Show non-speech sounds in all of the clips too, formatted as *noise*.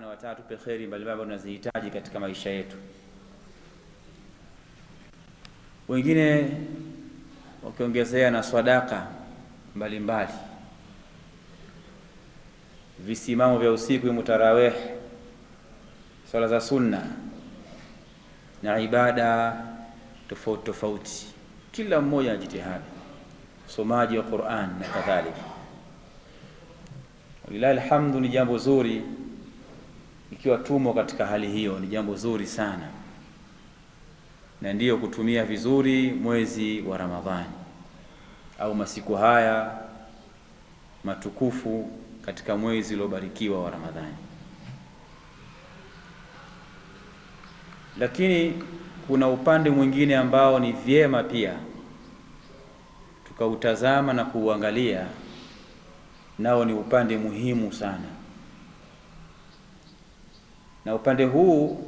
na watatupe kheri mbalimbali ambazo tunazihitaji katika maisha yetu. Wengine wakiongezea na swadaka mbalimbali, visimamo vya usiku, mutarawih, swala za sunna na ibada tofauti tofauti, kila mmoja na jitihada, usomaji wa Qur'an na kadhalika. Walilahi alhamdu, ni jambo zuri ikiwa tumo katika hali hiyo, ni jambo zuri sana, na ndiyo kutumia vizuri mwezi wa Ramadhani au masiku haya matukufu katika mwezi uliobarikiwa wa Ramadhani. Lakini kuna upande mwingine ambao ni vyema pia tukautazama na kuuangalia, nao ni upande muhimu sana na upande huu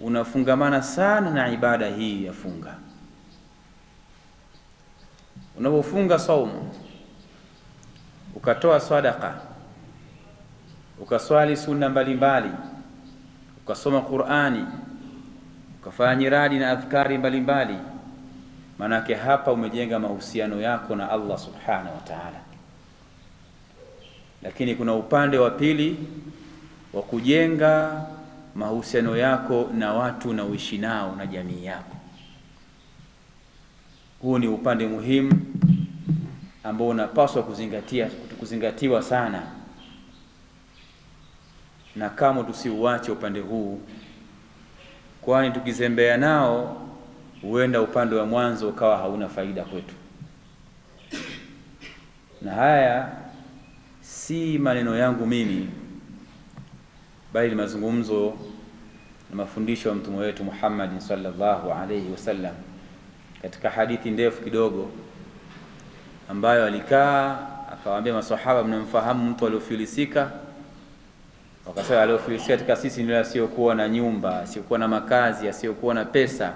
unafungamana sana na ibada hii ya funga. Unapofunga saumu, ukatoa sadaka, ukaswali sunna mbalimbali, ukasoma Qur'ani, ukafanya nyiradi na adhkari mbalimbali, maanake hapa umejenga mahusiano yako na Allah subhanahu wa ta'ala. Lakini kuna upande wa pili wa kujenga mahusiano yako na watu na uishi nao na jamii yako. Huu ni upande muhimu ambao unapaswa kuzingatia kuzingatiwa sana, na kama tusiuache upande huu, kwani tukizembea nao huenda upande wa mwanzo ukawa hauna faida kwetu. Na haya si maneno yangu mimi bali ni mazungumzo na mafundisho ya mtume wetu Muhammad sallallahu alayhi wasallam katika hadithi ndefu kidogo ambayo alikaa akawaambia maswahaba, mnamfahamu mtu aliofilisika? Wakasema aliofilisika katika sisi ni asiyokuwa na nyumba, asiyokuwa na makazi, asiyokuwa na pesa,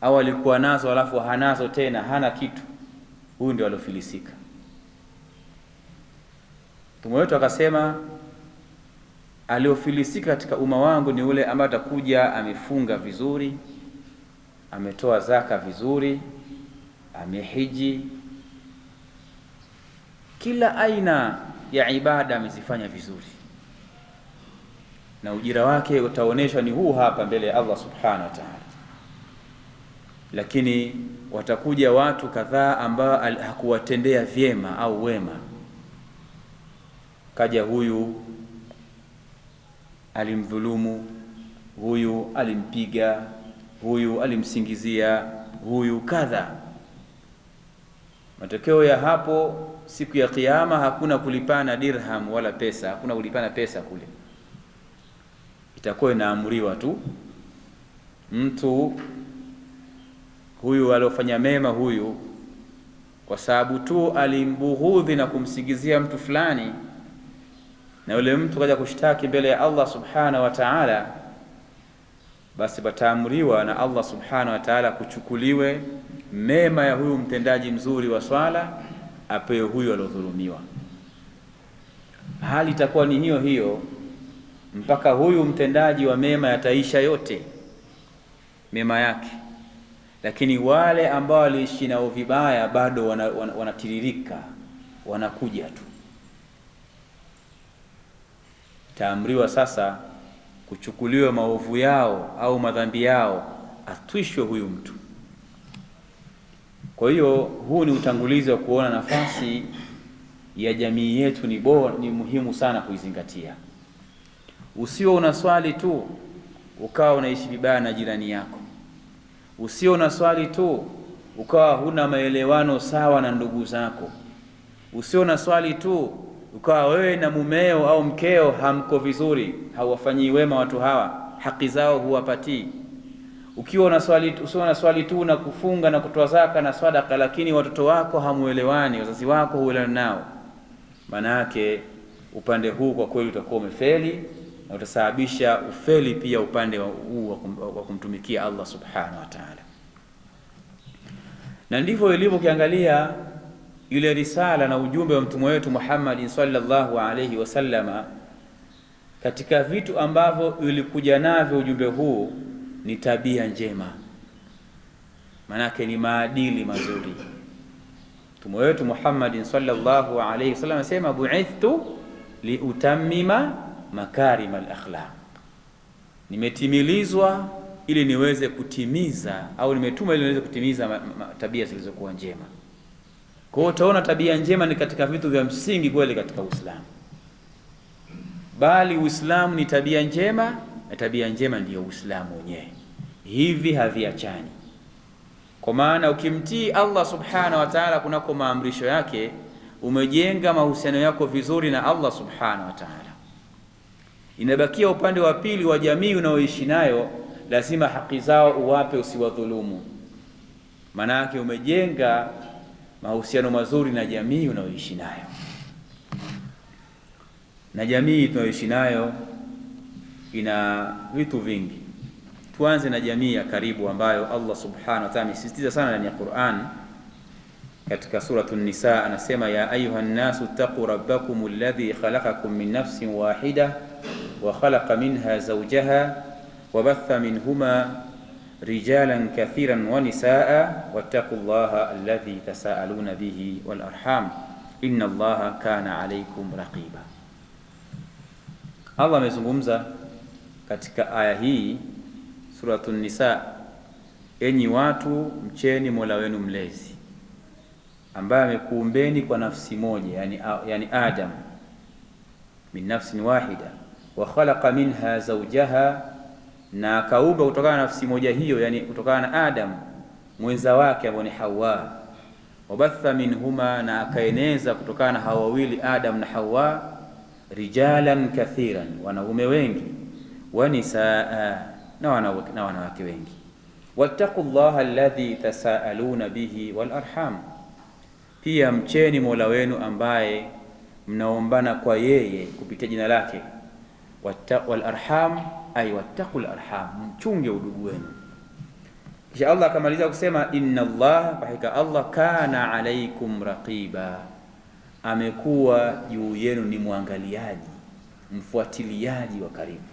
au alikuwa nazo alafu hanazo tena, hana kitu. Huyu ndio aliofilisika. Mtume wetu akasema aliofilisika katika umma wangu ni yule ambaye atakuja amefunga vizuri, ametoa zaka vizuri, amehiji, kila aina ya ibada amezifanya vizuri, na ujira wake utaonyeshwa ni huu hapa mbele ya Allah subhanahu wa ta'ala. Lakini watakuja watu kadhaa ambao hakuwatendea vyema au wema, kaja huyu alimdhulumu huyu, alimpiga huyu, alimsingizia huyu kadha. Matokeo ya hapo siku ya Kiyama hakuna kulipana dirham wala pesa, hakuna kulipana pesa kule, itakuwa inaamriwa tu mtu huyu aliofanya mema huyu, kwa sababu tu alimbughudhi na kumsingizia mtu fulani na yule mtu kaja kushtaki mbele ya Allah subhanahu wa ta'ala, basi pataamriwa na Allah subhanahu wa ta'ala kuchukuliwe mema ya huyu mtendaji mzuri wa swala, apewe huyu aliodhulumiwa. Hali itakuwa ni hiyo hiyo mpaka huyu mtendaji wa mema yataisha yote mema yake, lakini wale ambao waliishi nao vibaya bado wanatiririka, wana, wana wanakuja tu taamriwa sasa kuchukuliwa maovu yao au madhambi yao, atwishwe huyu mtu. Kwa hiyo huu ni utangulizi wa kuona nafasi ya jamii yetu ni bora, ni muhimu sana kuizingatia. Usio unaswali tu ukawa unaishi vibaya na jirani yako, usio unaswali tu ukawa huna maelewano sawa na ndugu zako, usio unaswali tu ukawa wewe na mumeo au mkeo hamko vizuri, hauwafanyii wema watu hawa, haki zao huwapatii. Ukiwa unaswali usio na swali tu na kufunga na kutoa zaka na sadaka, lakini watoto wako hamuelewani, wazazi wako huelewani nao, maana yake upande huu kwa kweli utakuwa umefeli na utasababisha ufeli pia upande huu wa kumtumikia Allah subhanahu wa ta'ala, na ndivyo ilivyo. Ukiangalia ile risala na ujumbe wa mtume wetu Muhammad sallallahu alayhi wasallama, katika vitu ambavyo ulikuja navyo ujumbe huu ni tabia njema, manake ni maadili mazuri. Mtume wetu Muhammad sallallahu alayhi wasallam asema, bu'ithtu liutammima makarima al-akhlaq, nimetimilizwa ili niweze kutimiza au nimetuma ili niweze kutimiza tabia zilizokuwa njema. Kwa hiyo utaona tabia njema ni katika vitu vya msingi kweli katika Uislamu, bali Uislamu ni tabia njema na tabia njema ndiyo Uislamu wenyewe, hivi haviachani. Kwa maana ukimtii Allah subhanahu wa taala kunako maamrisho yake, umejenga mahusiano yako vizuri na Allah subhanahu wa taala. Inabakia upande wa pili wa jamii unaoishi nayo, lazima haki zao uwape, usiwadhulumu, manake umejenga mahusiano mazuri na jamii unayoishi nayo, na jamii tunayoishi nayo ina vitu vingi. Tuanze na jamii ya karibu ambayo Allah subhanahu wa ta'ala amesisitiza sana ndani ya Qur'an. Katika suratu Nisa anasema, ya ayuha nnasu taqu rabbakum alladhi khalaqakum min nafsin wahida wa khalaqa minha zawjaha wa batha minhuma rijalan kathiran wa nisaa wattaqullaha alladhi tasaaluna bihi wal arham inna allaha kana alaykum raqiba. Allah amezungumza katika aya hii Suratu Nisa, enyi watu, mcheni Mola wenu mlezi ambaye amekuumbeni kwa nafsi moja, yani, yani Adam min nafsin wahida wa khalaqa minha zawjaha na kauba kutokana na nafsi moja hiyo, yani kutokana na Adam mwenza wake ambaye ni Hawa. Wabatha minhuma, na akaeneza kutokana na hawa wawili Adam na Hawa, rijalan kathiran, wanaume wengi, wanisaa, na wanawake wengi. Wattaqullaha llaha alladhi tasaaluna bihi wal arham, pia mcheni Mola wenu ambaye mnaombana kwa yeye kupitia jina lake. Wal arham ay wattaqul arham, mchunge udugu wenu. Kisha Allah akamaliza kusema inna Allah, hakika Allah kana alaikum raqiba, amekuwa juu yenu ni mwangaliaji, mfuatiliaji wa karibu.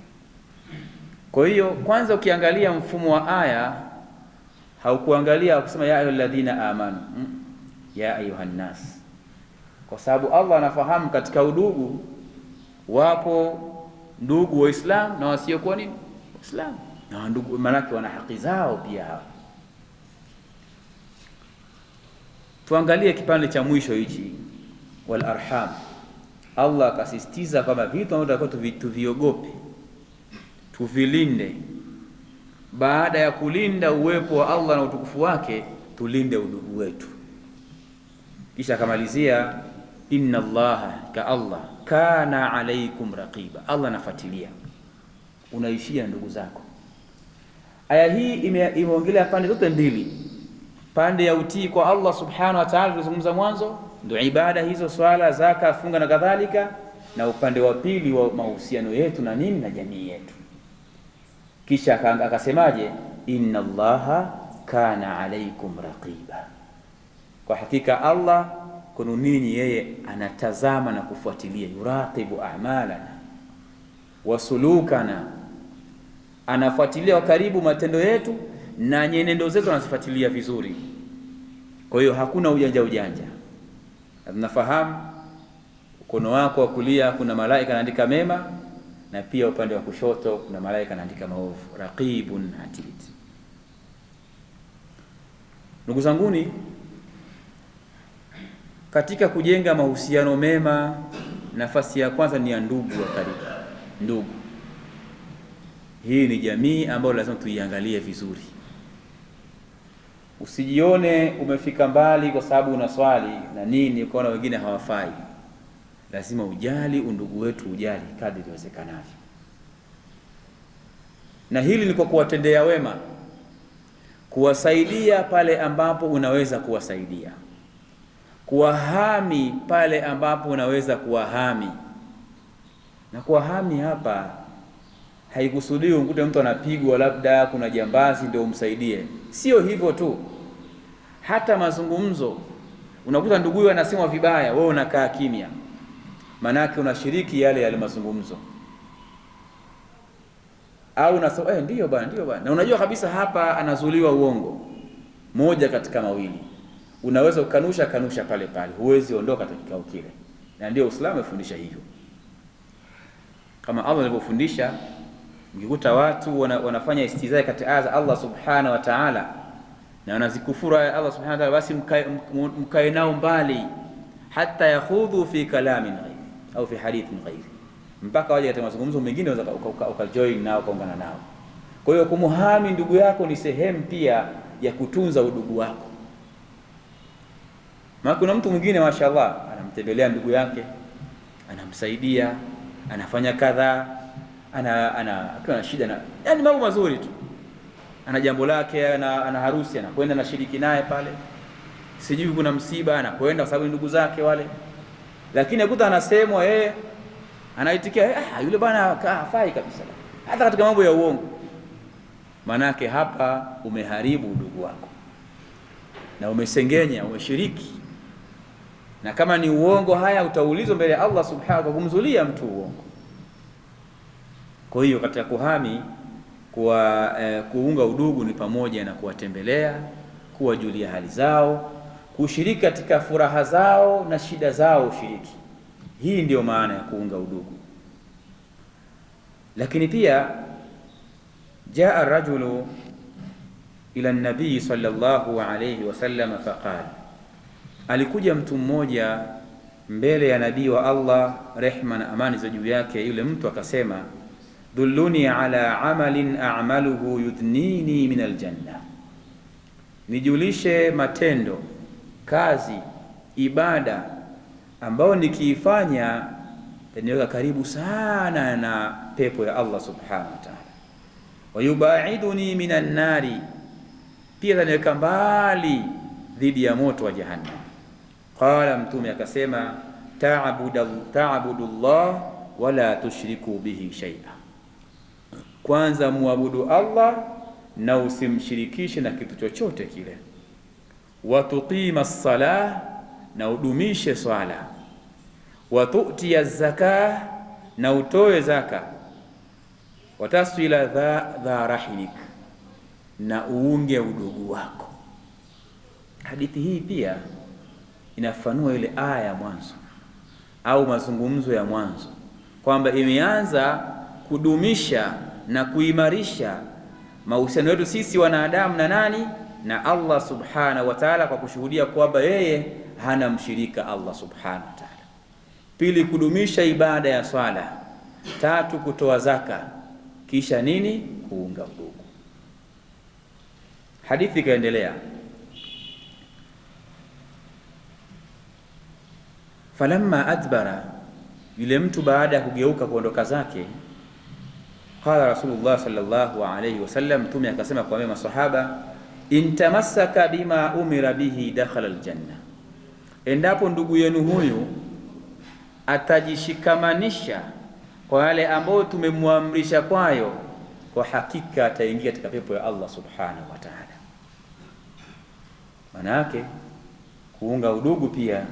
Kwa hiyo kwanza, ukiangalia mfumo wa aya haukuangalia kusema ya ayyuhalladhina amanu mm, ya ayyuhannas, kwa sababu Allah anafahamu katika udugu wapo ndugu waislam na wasiokuwa nini waislam na ndugu, maanake wana haki zao pia hawa. Tuangalie kipande cha mwisho hichi, wal arham. Allah akasistiza kwamba vitu ambavyo tuviogope tuvilinde. Baada ya kulinda uwepo wa Allah na utukufu wake, tulinde udugu wetu, kisha akamalizia inna allaha ka Allah kana alaikum raqiba, Allah anafuatilia. Unaishia ndugu zako. Aya hii imeongelea pande zote mbili, pande ya utii kwa Allah subhanahu wa ta'ala tulizungumza mwanzo, ndio ibada hizo, swala, zaka, funga na kadhalika, na upande wa pili wa mahusiano yetu na nini na jamii yetu. Kisha akasemaje? inna allaha kana alaikum raqiba, kwa hakika Allah kwenu ninyi, yeye anatazama na kufuatilia, yuratibu a'malana wasulukana, anafuatilia karibu matendo yetu na nyenendo zetu anazifuatilia vizuri. Kwa hiyo hakuna ujanja ujanja. Tunafahamu mkono wako wa kulia kuna malaika anaandika mema na pia upande wa kushoto kuna malaika anaandika maovu, raqibun atid. Ndugu zanguni katika kujenga mahusiano mema, nafasi ya kwanza ni ya ndugu wa karibu. Ndugu, hii ni jamii ambayo lazima tuiangalie vizuri. Usijione umefika mbali kwa sababu una swali na nini, ukaona wengine hawafai. Lazima ujali undugu wetu, ujali kadri iwezekanavyo, na hili ni kwa kuwatendea wema, kuwasaidia pale ambapo unaweza kuwasaidia kuwahami pale ambapo unaweza kuwahami. Na kuwahami hapa haikusudiwi ukute mtu anapigwa, labda kuna jambazi ndio umsaidie. Sio hivyo tu, hata mazungumzo unakuta ndugu huyo anasemwa vibaya, wewe unakaa kimya, manake unashiriki yale yale mazungumzo au unasema eh, ndio bwana, ndio bwana, na unajua kabisa hapa anazuliwa uongo, moja katika mawili Unaweza ukanusha kanusha pale pale, huwezi ondoka katika kikao kile, na ndio Uislamu umefundisha hivyo, kama Allah alivyofundisha. Mkikuta watu wana, wanafanya istizai kati aya za Allah subhanahu wa ta'ala na wanazikufuru aya Allah subhanahu wa ta'ala, basi mkae nao mbali, hata yakhudhu fi kalamin ghairi au fi hadithin ghairi, mpaka waje katika mazungumzo mengine, unaweza ukajoin nao ukaungana nao. Kwa hiyo kumuhami ndugu yako ni sehemu pia ya kutunza udugu wako. Maana kuna mtu mwingine mashallah anamtembelea ndugu yake, anamsaidia, anafanya kadhaa, ana ana akiwa na shida na yani mambo mazuri tu. Ana jambo lake, ana, ana harusi anakwenda na shiriki naye pale. Sijui kuna msiba anakwenda kwa sababu ndugu zake wale. Lakini akuta anasemwa yeye eh, anaitikia eh, ah, yule bwana hafai kabisa. Hata katika mambo ya uongo. Manake hapa umeharibu udugu wako na umesengenya, umeshiriki na kama ni uongo, haya utaulizwa mbele ya Allah subhanahu kwa kumzulia mtu uongo. Kwa hiyo katika kuhami kuwa, eh, kuunga udugu ni pamoja na kuwatembelea, kuwajulia hali zao, kushiriki katika furaha zao na shida zao, ushiriki. Hii ndiyo maana ya kuunga udugu. Lakini pia jaa rajulu ila nabii sallallahu alayhi wasallam faqala Alikuja mtu mmoja mbele ya nabii wa Allah, rehma na amani za juu yake. Yule mtu akasema, dhulluni ala amalin a'maluhu yudnini min aljanna, nijulishe matendo, kazi, ibada ambayo nikiifanya taniweka karibu sana na pepo ya Allah subhanahu wa ta'ala. Wayubaiduni minan nari, pia taniweka mbali dhidi ya moto wa jahannam. Qala, mtume akasema, taabudu llah wala tushriku bihi shaia, kwanza muabudu Allah na usimshirikishe na kitu chochote kile. Watuqima sala, na udumishe swala. Watutia zaka, na utoe zaka. Wataswila dha rahimik, na uunge udugu wako. Hadithi hii pia inafanua ile aya ya mwanzo au mazungumzo ya mwanzo kwamba imeanza kudumisha na kuimarisha mahusiano yetu sisi wanadamu na nani na Allah subhanahu wa ta'ala, kwa kushuhudia kwamba yeye hana mshirika Allah subhanahu wa ta'ala. Pili, kudumisha ibada ya swala. Tatu, kutoa zaka. Kisha nini? Kuunga udugu. Hadithi ikaendelea. falamma adbara, yule mtu baada ya kugeuka kuondoka zake, qala Rasulullah sallallahu alayhi wasallam, mtume akasema kwa masahaba, intamassaka bima umira bihi dakhala aljanna, endapo ndugu yenu huyu atajishikamanisha kwa yale ambayo tumemwamrisha kwayo, kwa hakika ataingia katika pepo ya Allah subhanahu wa ta'ala. Maana yake kuunga udugu pia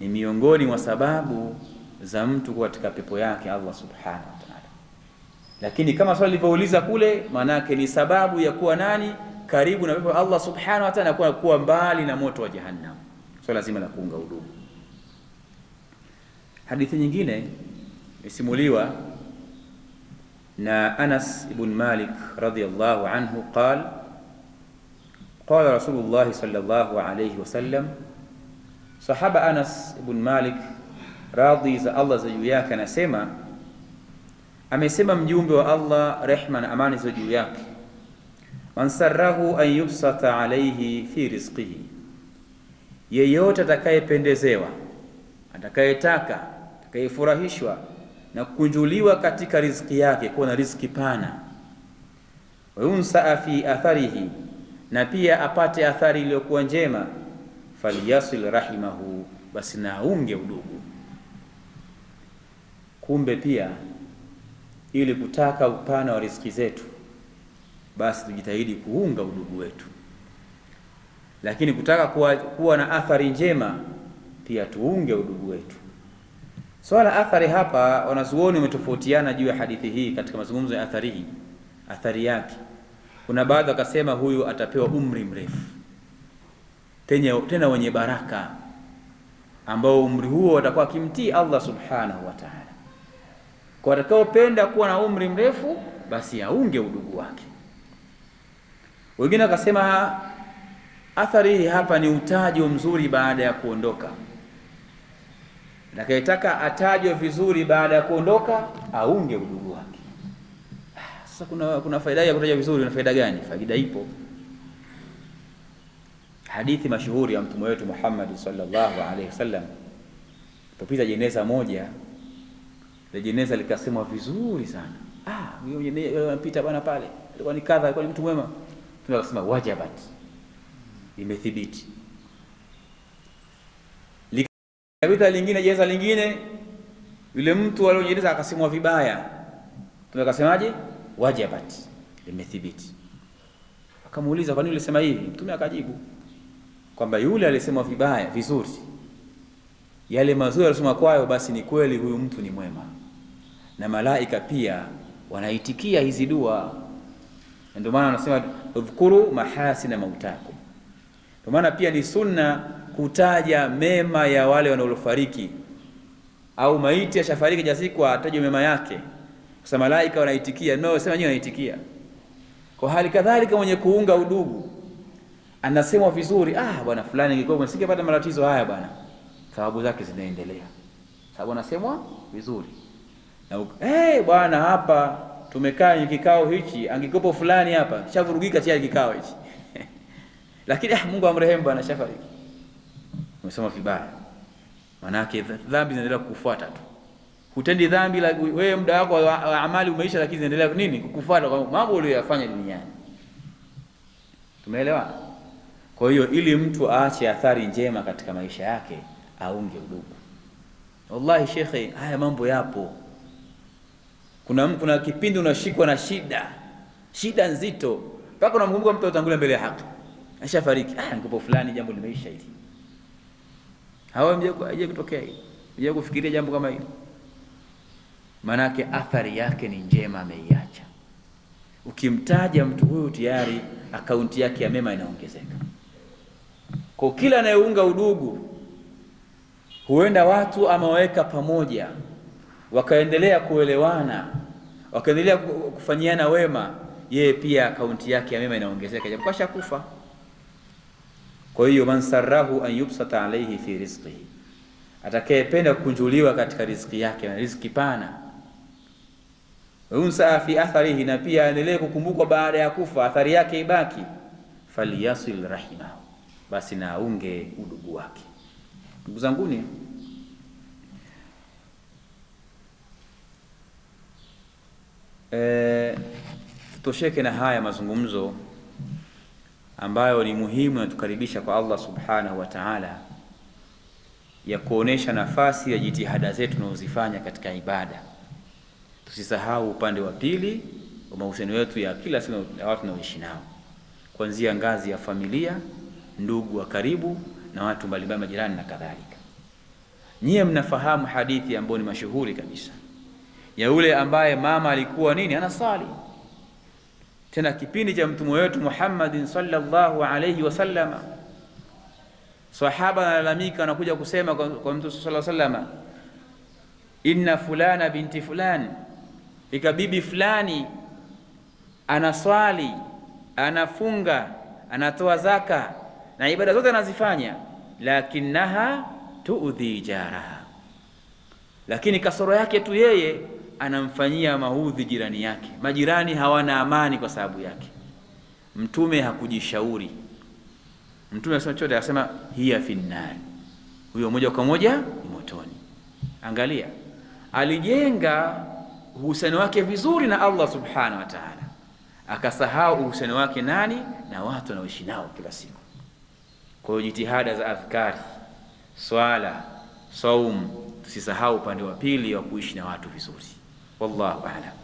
ni miongoni mwa sababu za mtu kuwa katika pepo yake Allah subhanahu wa ta'ala. Lakini kama swali lilivyouliza kule, maana yake ni sababu ya kuwa nani karibu na pepo Allah subhanahu wa ta'ala, kuwa, kuwa mbali na moto wa jahannam. Swala so, lazima la kuunga udugu. Hadithi nyingine isimuliwa na Anas ibn Malik radhiyallahu anhu qala qala Rasulullah sallallahu alayhi wasallam Sahaba Anas ibn Malik radhi za Allah za juu yake anasema, amesema mjumbe wa Allah rehma na amani za juu yake, man sarahu an yubsata alayhi fi rizqihi, yeyote atakayependezewa, atakayetaka, atakayefurahishwa na kukunjuliwa katika riziki yake, kuwa na riziki pana, wayunsaa fi atharihi, na pia apate athari iliyokuwa njema falyasil rahimahu, basi naunge udugu. Kumbe pia ili kutaka upana wa riziki zetu, basi tujitahidi kuunga udugu wetu, lakini kutaka kuwa, kuwa na athari njema pia tuunge udugu wetu. Swala athari, hapa wanazuoni wametofautiana juu ya hadithi hii katika mazungumzo ya athari hii, athari yake. Kuna baadhi wakasema huyu atapewa umri mrefu tena wenye baraka ambao umri huo watakuwa wakimtii Allah subhanahu wa ta'ala. Kwa watakaopenda kuwa na umri mrefu, basi aunge udugu wake. Wengine wakasema athari hii hapa ni utajo mzuri baada ya kuondoka. Atakayetaka atajwe vizuri baada ya kuondoka, aunge udugu wake. Ah, sasa kuna, kuna faida ya kutajwa vizuri. na faida gani? Faida ipo hadithi mashuhuri ya mtume wetu Muhammad sallallahu alaihi wasallam, popita jeneza moja ile jeneza likasemwa vizuri sana. Ah, huyo jeneza anapita bwana pale, alikuwa ni kadha, alikuwa ni mtu mwema. Tunasema wajabat, imethibiti. Likapita lingine jeneza lingine, yule mtu aliyojeneza akasemwa vibaya, tunakasemaje? Wajabat, imethibiti. Akamuuliza, kwa nini ulisema hivi? Mtume akajibu kwamba yule alisema vibaya vizuri, yale mazuri alisema kwayo, basi ni kweli huyu mtu ni mwema, na malaika pia wanaitikia hizi dua. Ndio maana wanasema udhkuru mahasina mautakum. Ndio maana pia ni sunna kutaja mema ya wale wanaofariki, au maiti ashafariki jasikwa, ataje mema yake. sababu malaika wanaitikia, nao sema nyinyi wanaitikia. Kwa hali kadhalika mwenye kuunga udugu anasemwa vizuri, ah, bwana fulani ingekuwa nisingepata matatizo haya bwana, thawabu zake zinaendelea, sababu anasemwa vizuri na hey, bwana hapa tumekaa kwenye kikao hichi, angekopo fulani hapa shavurugika tayari kikao hichi *laughs* lakini ah, Mungu amrehemu bwana, shafariki. Umesoma vibaya, manake dhambi zinaendelea kukufuata tu. Hutendi dhambi la wewe, muda wako wa amali umeisha, lakini zinaendelea nini kukufuata kwa mambo uliyoyafanya duniani. Tumeelewana? Kwa hiyo ili mtu aache athari njema katika maisha yake aunge udugu. Wallahi shekhe, haya mambo yapo. Kuna, kuna kipindi unashikwa na shida shida nzito mpaka unamkumbuka mtu atangulia mbele ya haki, ashafariki. Ah, ngopo fulani jambo limeisha hili, aje kutokea hili, mje kufikiria jambo kama hili, maanake athari yake ni njema, ameiacha. Ukimtaja mtu huyu tayari akaunti yake ya mema inaongezeka. Kwa kila anayeunga udugu huenda watu amaweka pamoja, wakaendelea kuelewana, wakaendelea kufanyiana wema, yeye pia akaunti yake ya mema inaongezeka, japo kufa. Kwa hiyo man sarahu an yubsata alayhi fi rizqihi, atakayependa kukunjuliwa katika riziki yake na riziki pana. Unsa fi atharihi, na pia aendelee kukumbukwa baada ya kufa, athari yake ibaki. Falyasil rahimahu basi na aunge udugu wake. Ndugu zanguni, e, tutosheke na haya mazungumzo ambayo ni muhimu yanatukaribisha kwa Allah subhanahu wa ta'ala, ya kuonesha nafasi ya jitihada zetu tunazozifanya katika ibada. Tusisahau upande wa pili wa mahusiano yetu ya kila siku na watu tunaoishi nao, kuanzia ngazi ya familia ndugu wa karibu na watu mbalimbali, majirani na kadhalika. Nyie mnafahamu hadithi ambayo ni mashuhuri kabisa ya yule ambaye mama alikuwa nini anasali, tena kipindi cha mtume wetu Muhammadin sallallahu alayhi wasallama. Sahaba analalamika anakuja kusema kwa, kwa mtume sallallahu alayhi wasallama, inna fulana binti fulani, ikabibi fulani anaswali, anafunga, anatoa zaka na ibada zote anazifanya, lakinaha tuudhi jaraha, lakini kasoro yake tu yeye anamfanyia maudhi jirani yake. Majirani hawana amani kwa sababu yake. Mtume hakujishauri, Mtume asema chote, akasema hiya finnari, huyo moja kwa moja ni motoni. Angalia, alijenga uhusiano wake vizuri na Allah subhanahu wa taala, akasahau uhusiano wake nani na watu anaoishi nao kila siku. Kwa hiyo jitihada za adhkari, swala, saumu tusisahau upande wa pili wa kuishi na watu vizuri. Wallahu a'lam.